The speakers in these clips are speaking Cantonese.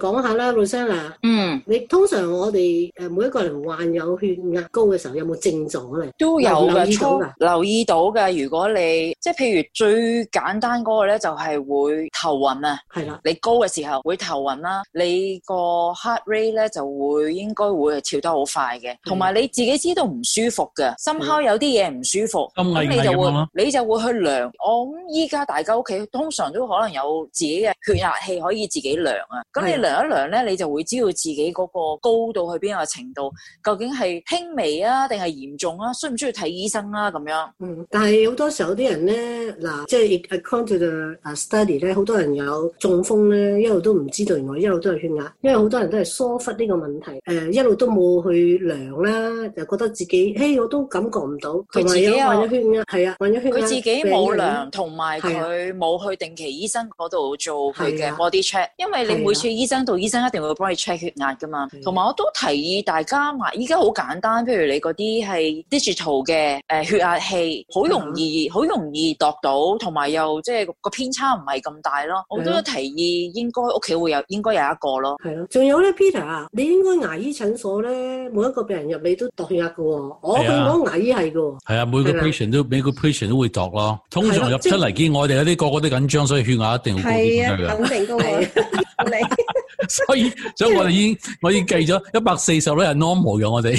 講下啦，露莎娜，嗯，你通常我哋誒每一個人患有血壓高嘅時候，有冇症狀咧？都有嘅，留意到嘅。留意到嘅。如果你即係譬如最簡單嗰個咧，就係會頭暈啊，係啦的，你高嘅時候會頭暈啦，你個 heart rate 咧就會應該會係跳得好快嘅，同埋、嗯、你自己知道唔舒服嘅，心口有啲嘢唔舒服，咁你、嗯、就會，你就會去量。我諗依家大家屋企通常都可能有自己嘅血壓器可以自己量啊，咁的你量一量咧，你就會知道自己嗰個高度去邊個程度，究竟係輕微啊，定係嚴重啊？需唔需要睇醫生啊？咁樣。嗯。但係好多時候啲人咧，嗱，即係 according to the study 咧，好多人有中風咧，一路都唔知道原來一路都係血壓，嗯、因為好多人都係疏忽呢個問題，誒、呃、一路都冇去量啦，就覺得自己，嘿，我都感覺唔到。佢自己玩一圈啊。患咗血壓，係啊，患咗血壓。佢自己冇量，同埋佢冇去定期醫生嗰度做佢嘅 body check，、啊、因為你每次醫生。度醫生一定會幫你 check 血壓噶嘛，同埋的我都提議大家買，依家好簡單，譬如你嗰啲係 digital 嘅誒、呃、血壓器，好容易好的容易度到，同埋又即係個偏差唔係咁大咯。的我都提議應該屋企會有，應該有一個咯。係咯，仲有咧，Peter 啊，你應該牙醫診所咧，每一個病人入嚟都度血壓噶、哦。的我去講牙醫係噶、哦，係啊，每個 patient 都的每個 patient 都,都會度咯。通常入出嚟見、就是、我哋嗰啲個個都緊張，所以血壓一定會係啊，肯定都係 你 所以所以我哋已經我已經計咗一百四十咧係 normal 嘅我哋，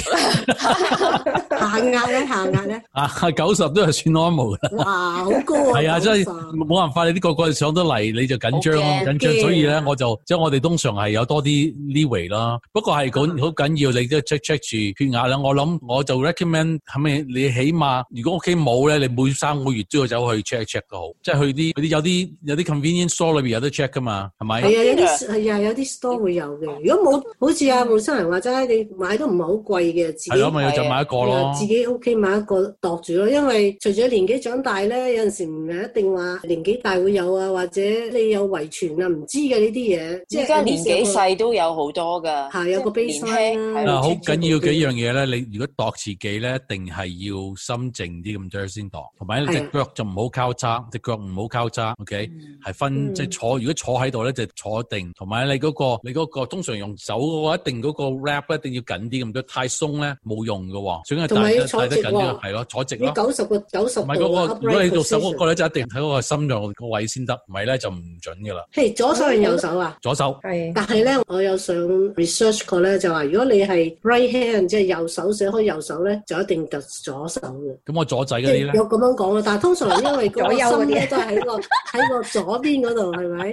下壓咧下壓咧，啊九十 都係算 normal 啦，哇好高啊，係啊真係冇辦法，你啲個個上得嚟你就緊張咯緊張，所以咧我就即係 Yeah. 我哋通常係有多啲 leeway 啦，不過係好好緊要，Yeah. 你都要 check check 住血壓啦。我諗我就 recommend 係咪你起碼如果屋企冇咧，你每三個月都要走去 check check 都好，即係去啲啲有啲有啲 convenience store 裏面有得 check 噶嘛，係咪？係啊一樣。係又有啲 store 會有嘅。如果冇，好似阿黃生人話齋，你買都唔係好貴嘅。係咯，咪就買一個咯。自己屋企買一個度住咯。因為隨著年紀長大咧，有陣時唔係一定話年紀大會有啊，或者你有遺傳啊，唔知嘅呢啲嘢。即係而家年紀細都有好多㗎。係有個 basic 啦。好緊要幾樣嘢咧。你如果度自己咧，一定係要心靜啲咁樣先度。同埋你隻腳就唔好交叉，隻腳唔好交叉。OK，係分即係坐。如果坐喺度咧，就坐定。同埋你嗰個，你嗰個通常用手嘅話，一定嗰個 wrap 咧一定要緊啲咁多，太鬆咧冇用嘅喎。所以大家戴得緊啲，係咯，坐直。你九十個九十。唔係嗰個，如果你做手嗰個咧，就一定喺嗰個心臟個位先得，唔係咧就唔準嘅啦。係左手定右手啊？左手。係。但係咧，我有上 research 過咧，就話如果你係 right hand，即係右手寫開右手咧，就一定揼左手嘅。咁我左仔嗰啲咧？有咁樣講啊，但係通常因為個心咧都喺個喺個左邊嗰度，係咪？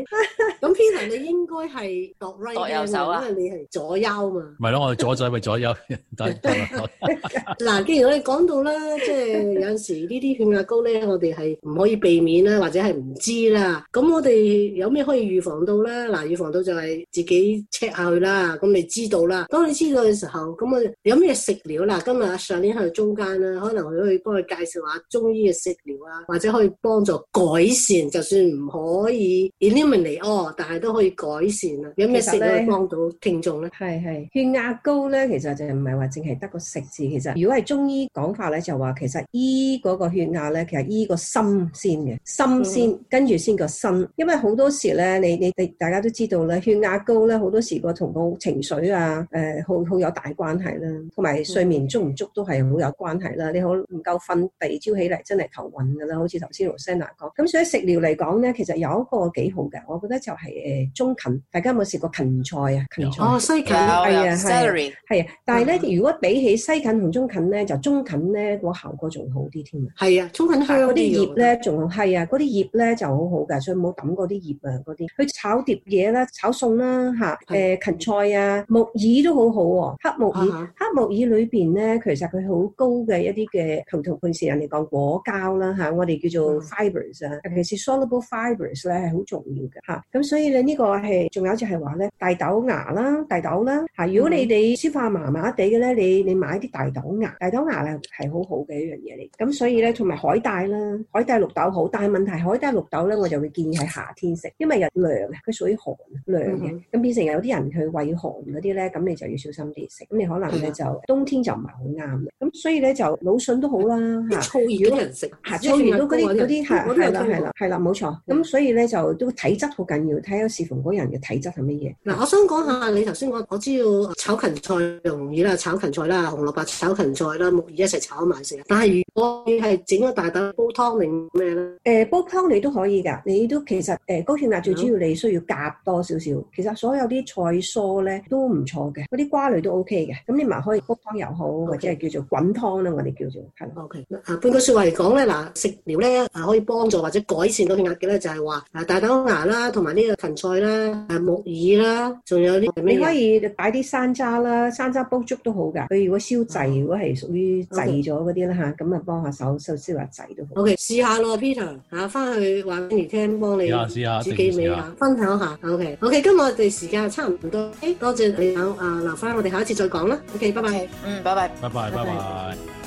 咁 Peter，你應。應該係落右手，因為你係左右嘛。咪咯，我哋左左咪左右。嗱，既然我哋講到啦，即係有陣時呢啲血壓高咧，我哋係唔可以避免啦，或者係唔知啦。咁我哋有咩可以預防到咧？嗱、啊，預防到就係自己 check 下佢啦。咁你知道啦。當你知道嘅時候，咁我哋有咩食療啦？今日上年去到中間啦，可能佢可以幫佢介紹下中醫嘅食療啊，或者可以幫助改善。就算唔可以 eliminate 但係都可以改善。改善啦，有咩食可以幫到聽眾咧？係係，血壓高咧，其實就唔係話淨係得個食字。其實如果係中醫講法咧，就話其實醫嗰個血壓咧，其實醫個心先嘅，心先、嗯、跟住先個身。因為好多時咧，你你你大家都知道咧，血壓高咧，好多時個同個情緒啊，誒、呃、好好有大關係啦，同埋睡眠足唔足都係好有關係啦。你好唔夠瞓，第二朝起嚟真係頭暈噶啦，好似頭先 Rosanna 講。咁所以食療嚟講咧，其實有一個幾好嘅，我覺得就係誒中。呃芹，大家有冇食過芹菜啊？芹菜哦，西芹係啊，係啊，係啊。但係咧，如果比起西芹同中芹咧，就中芹咧個效果仲好啲添啊。係啊，中芹香啲。嗰啲葉咧，仲係啊，嗰啲葉咧就好好噶，所以冇抌嗰啲葉啊，嗰啲。去炒碟嘢啦，炒餸啦，吓，誒，芹菜啊，木耳都好好喎，黑木耳。黑木耳裏邊咧，其實佢好高嘅一啲嘅，同同平時人哋講果膠啦，吓，我哋叫做 fibers 啊，尤其是 soluble fibres 咧，係好重要嘅吓，咁所以咧，呢個。係，仲有就係話咧，大豆芽啦，大豆啦吓。如果你哋消化麻麻地嘅咧，你你買啲大豆芽，大豆芽咧係好好嘅一樣嘢嚟。咁所以咧，同埋海帶啦，海帶、綠豆好。但係問題海帶、綠豆咧，我就會建議喺夏天食，因為又涼，佢屬於寒涼嘅。咁變成有啲人佢畏寒嗰啲咧，咁你就要小心啲食。咁你可能咧就冬天就唔係好啱嘅。咁所以咧就老笋都好啦吓。醋魚有人食，燥魚都嗰啲嗰啲係係啦係啦係啦，冇錯。咁所以咧就都體質好緊要，睇下是人嘅體質係乜嘢？嗱、呃，我想講下你頭先我我知要炒芹菜容易啦，炒芹菜啦，紅蘿蔔炒芹菜啦，木耳一齊炒埋食。但係如果你係整個大豆煲湯定咩咧？誒，煲湯、呃、你都可以㗎，你都其實誒、呃、高血壓最主要你需要夾多少少。嗯、其實所有啲菜蔬咧都唔錯嘅，嗰啲瓜類都 O K 嘅。咁你咪可以煲湯又好，Okay. 或者係叫做滾湯啦，我哋叫做係。O K。啊、okay. 呃，換句説話嚟講咧，嗱、呃，食療咧誒可以幫助或者改善到血壓嘅咧，就係話誒大豆芽啦，同埋呢個芹菜啦。木耳啦，仲有啲，你可以擺啲山楂啦，山楂煲粥都好噶。佢如果消滯，如果係屬於滯咗嗰啲啦吓，咁啊幫下手，先消下滯都好。O K，試下咯，Peter，吓、啊，翻去話俾你聽，幫你試下下，煮幾味啊，分享下。O K，O K，今日我哋時間差唔多，多謝你啊、呃，留翻我哋下一次再講啦。O K，拜拜，嗯，拜拜，拜拜，拜拜。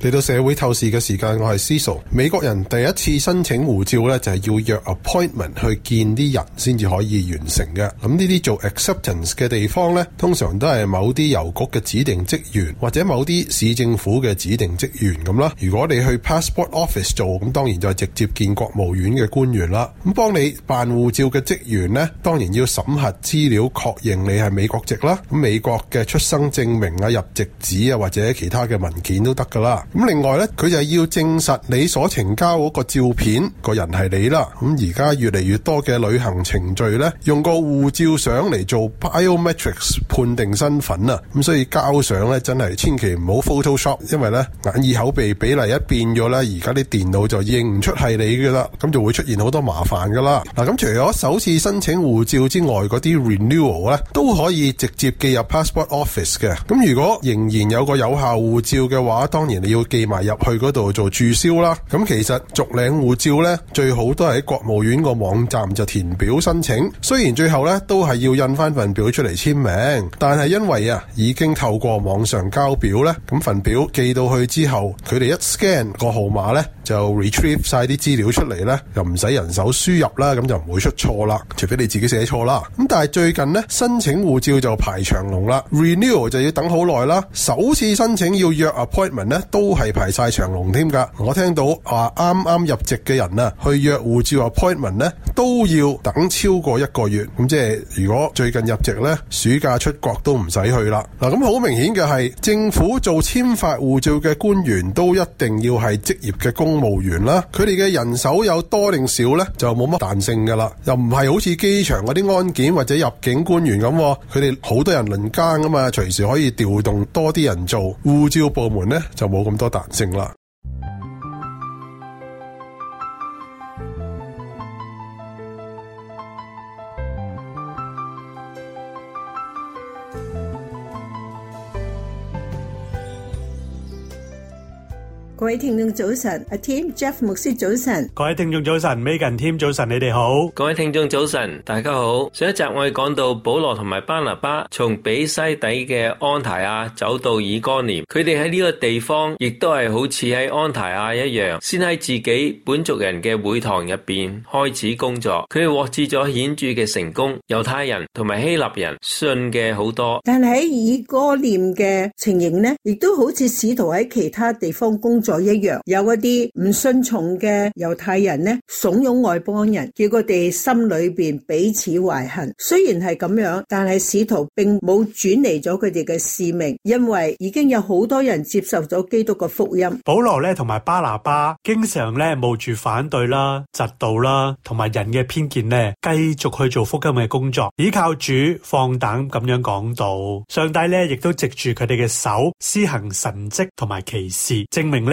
嚟到社會透視嘅時間，我係 Cecil。美國人第一次申請護照咧，就係要約 appointment 去見啲人先至可以完成嘅。咁呢啲做 acceptance 嘅地方咧，通常都係某啲郵局嘅指定職員或者某啲市政府嘅指定職員咁啦。如果你去 passport office 做，咁當然就直接見國務院嘅官員啦。咁幫你辦護照嘅職員咧，當然要審核資料，確認你係美國籍啦。咁美國嘅出生證明啊、入籍紙啊或者其他嘅文件都得噶啦。咁另外咧，佢就係要證實你所呈交嗰個照片個人係你啦。咁而家越嚟越多嘅旅行程序咧，用個護照相嚟做 biometrics 判定身份啊。咁所以交相咧，真係千祈唔好 Photoshop，因為咧眼耳口鼻比例一變咗咧，而家啲電腦就認唔出係你噶啦，咁就會出現好多麻煩噶啦。嗱，咁除咗首次申請護照之外，嗰啲 renewal 咧都可以直接寄入 passport office 嘅。咁如果仍然有個有效護照嘅話，當然你要。要寄埋入去嗰度做註銷啦。咁其實續領護照咧，最好都係喺國務院個網站就填表申請。雖然最後咧都係要印翻份表出嚟簽名，但係因為啊已經透過網上交表咧，咁份表寄到去之後，佢哋一 scan 個號碼咧就 retrieve 晒啲資料出嚟咧，就唔使人手輸入啦，咁就唔會出錯啦。除非你自己寫錯啦。咁但係最近咧申請護照就排長龍啦，renew 就要等好耐啦。首次申請要約 appointment 咧都。都係排晒長龍添噶我聽到話啱啱入籍嘅人啊，去約護照 appointment 呢，都要等超過一個月。咁即係如果最近入籍呢，暑假出國都唔使去啦。嗱，咁好明顯嘅係，政府做簽發護照嘅官員都一定要係職業嘅公務員啦。佢哋嘅人手有多定少呢，就冇乜彈性噶啦。又唔係好似機場嗰啲安檢或者入境官員咁，佢哋好多人輪更噶嘛，隨時可以調動多啲人做護照部門呢，就冇咁。多彈性啦。各位聽眾早晨，阿 Tim、Jeff、牧師早晨，各位聽眾早晨，Megan、Tim 早晨，你哋好，各位聽眾早晨，大家好。上一集我哋講到保羅同埋班拿巴從比西底嘅安提阿走到以哥念，佢哋喺呢個地方亦都係好似喺安提阿一樣，先喺自己本族人嘅會堂入邊開始工作，佢哋獲致咗顯著嘅成功，猶太人同埋希臘人信嘅好多。但係喺以哥念嘅情形呢，亦都好似使徒喺其他地方工作。再一樣，有一啲唔順從嘅猶太人呢，慫恿外邦人叫佢哋心裏邊彼此懷恨。雖然係咁樣，但係使徒並冇轉離咗佢哋嘅使命，因為已經有好多人接受咗基督嘅福音。保羅呢同埋巴拿巴，經常咧冒住反對啦、嫉妒啦同埋人嘅偏見呢，繼續去做福音嘅工作，依靠主放膽咁樣講道。上帝呢，亦都藉住佢哋嘅手施行神蹟同埋奇事，證明呢。」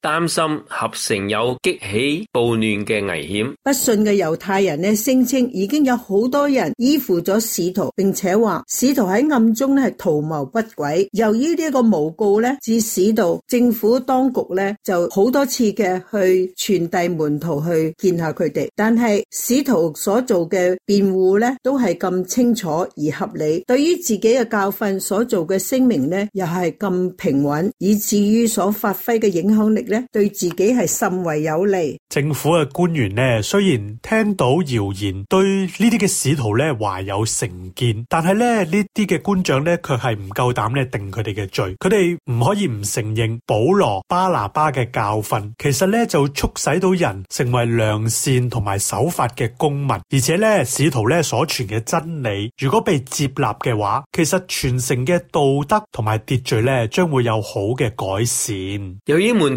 擔心合成有激起暴亂嘅危險，不信嘅猶太人呢聲稱已經有好多人依附咗使徒，並且話使徒喺暗中呢係圖謀不軌。由於呢個誣告呢，致使到政府當局呢就好多次嘅去傳遞門徒去見下佢哋，但係使徒所做嘅辯護呢都係咁清楚而合理，對於自己嘅教訓所做嘅聲明呢又係咁平穩，以至於所發揮嘅影響。咧對自己係甚為有利。政府嘅官員咧，雖然聽到謠言，對呢啲嘅使徒咧懷有成見，但係咧呢啲嘅官長咧卻係唔夠膽咧定佢哋嘅罪。佢哋唔可以唔承認保羅、巴拿巴嘅教訓。其實咧就促使到人成為良善同埋守法嘅公民。而且咧，使徒咧所傳嘅真理，如果被接納嘅話，其實全城嘅道德同埋秩序咧，將會有好嘅改善。由於門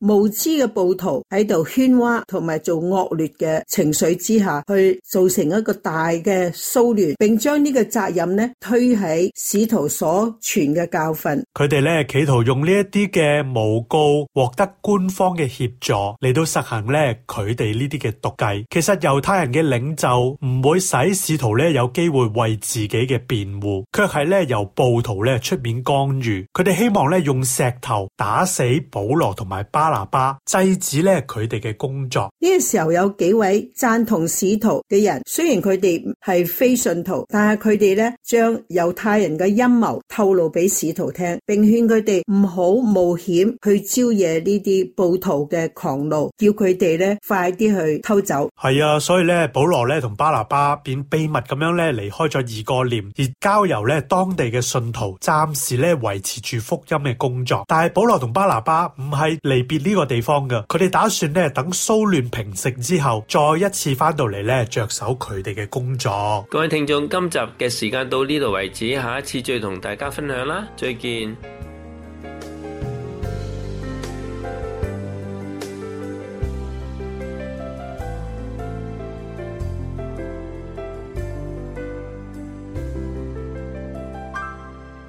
無知嘅暴徒喺度喧嘩同埋做惡劣嘅情緒之下，去造成一個大嘅騷亂，並將呢個責任呢推喺使徒所傳嘅教訓。佢哋呢企圖用呢一啲嘅誣告獲得官方嘅協助嚟到實行呢佢哋呢啲嘅毒計。其實猶太人嘅領袖唔會使使徒呢有機會為自己嘅辯護，卻係呢由暴徒呢出面干預。佢哋希望呢用石頭打死保羅同埋巴。巴拿巴制止咧佢哋嘅工作。呢個時候有幾位贊同使徒嘅人，雖然佢哋係非信徒，但係佢哋咧將猶太人嘅陰謀透露俾使徒聽，並勸佢哋唔好冒險去招惹呢啲暴徒嘅狂怒，叫佢哋咧快啲去偷走。係啊，所以咧保羅咧同巴拿巴便秘密咁樣咧離開咗以哥念，而交由咧當地嘅信徒暫時咧維持住福音嘅工作。但係保羅同巴拿巴唔係離。別呢個地方噶，佢哋打算咧等騷亂平息之後，再一次翻到嚟咧着手佢哋嘅工作。各位聽眾，今集嘅時間到呢度為止，下一次再同大家分享啦，再見。